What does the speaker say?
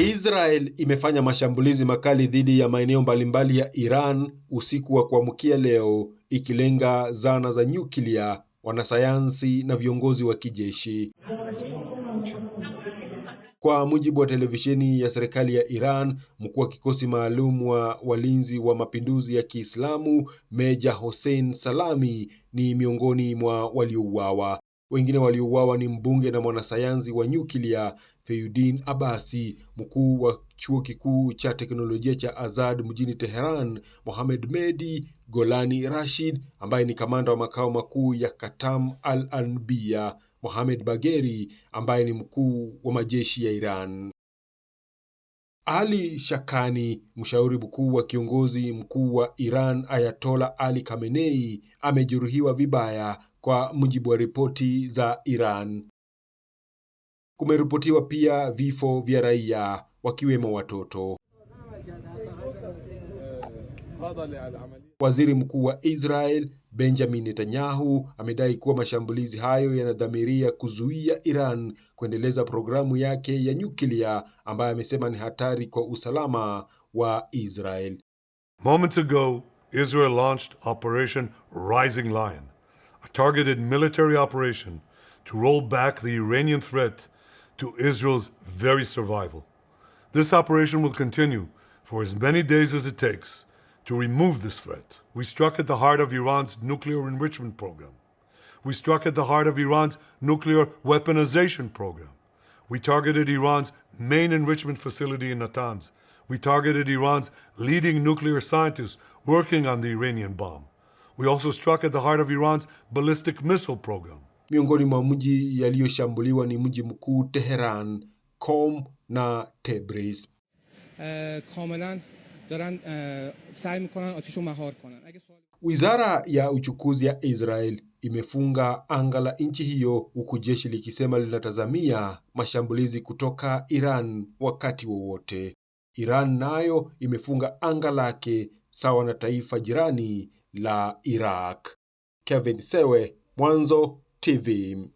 Israel imefanya mashambulizi makali dhidi ya maeneo mbalimbali ya Iran usiku wa kuamkia leo, ikilenga zana za nyuklia, wanasayansi na viongozi wa kijeshi. Kwa mujibu wa televisheni ya serikali ya Iran, mkuu wa kikosi maalum wa walinzi wa mapinduzi ya Kiislamu, Meja Hossein Salami ni miongoni mwa waliouawa. Wengine waliouawa ni mbunge na mwanasayansi wa nyuklia Feyudin Abasi, mkuu wa chuo kikuu cha teknolojia cha Azad mjini Teheran, Mohamed Mehdi Golani Rashid ambaye ni kamanda wa makao makuu ya Katam Al Anbia, Mohamed Bagheri ambaye ni mkuu wa majeshi ya Iran. Ali Shakani, mshauri mkuu wa kiongozi mkuu wa Iran Ayatola Ali Khamenei, amejeruhiwa vibaya kwa mujibu wa ripoti za Iran. Kumeripotiwa pia vifo vya raia wakiwemo watoto. Waziri Mkuu wa Israel Benjamin Netanyahu amedai kuwa mashambulizi hayo yanadhamiria kuzuia Iran kuendeleza programu yake ya nyuklia ambayo amesema ni hatari kwa usalama wa Israel. Moments ago, Israel launched Operation Rising Lion. a targeted military operation to roll back the Iranian threat to Israel's very survival. This operation will continue for as many days as it takes to remove this threat. We struck at the heart of Iran's nuclear enrichment program. We struck at the heart of Iran's nuclear weaponization program. We targeted Iran's main enrichment facility in Natanz. We targeted Iran's leading nuclear scientists working on the Iranian bomb. We also struck at the heart of Iran's ballistic missile program. Miongoni mwa mji yaliyoshambuliwa ni mji mkuu Teheran, Qom na Tabriz. Eh, eh، Wizara ya uchukuzi ya Israel imefunga anga la nchi hiyo huku jeshi likisema linatazamia mashambulizi kutoka Iran wakati wowote. Iran nayo imefunga anga lake sawa na taifa jirani la Iraq. Kevin Sewe, Mwanzo TV.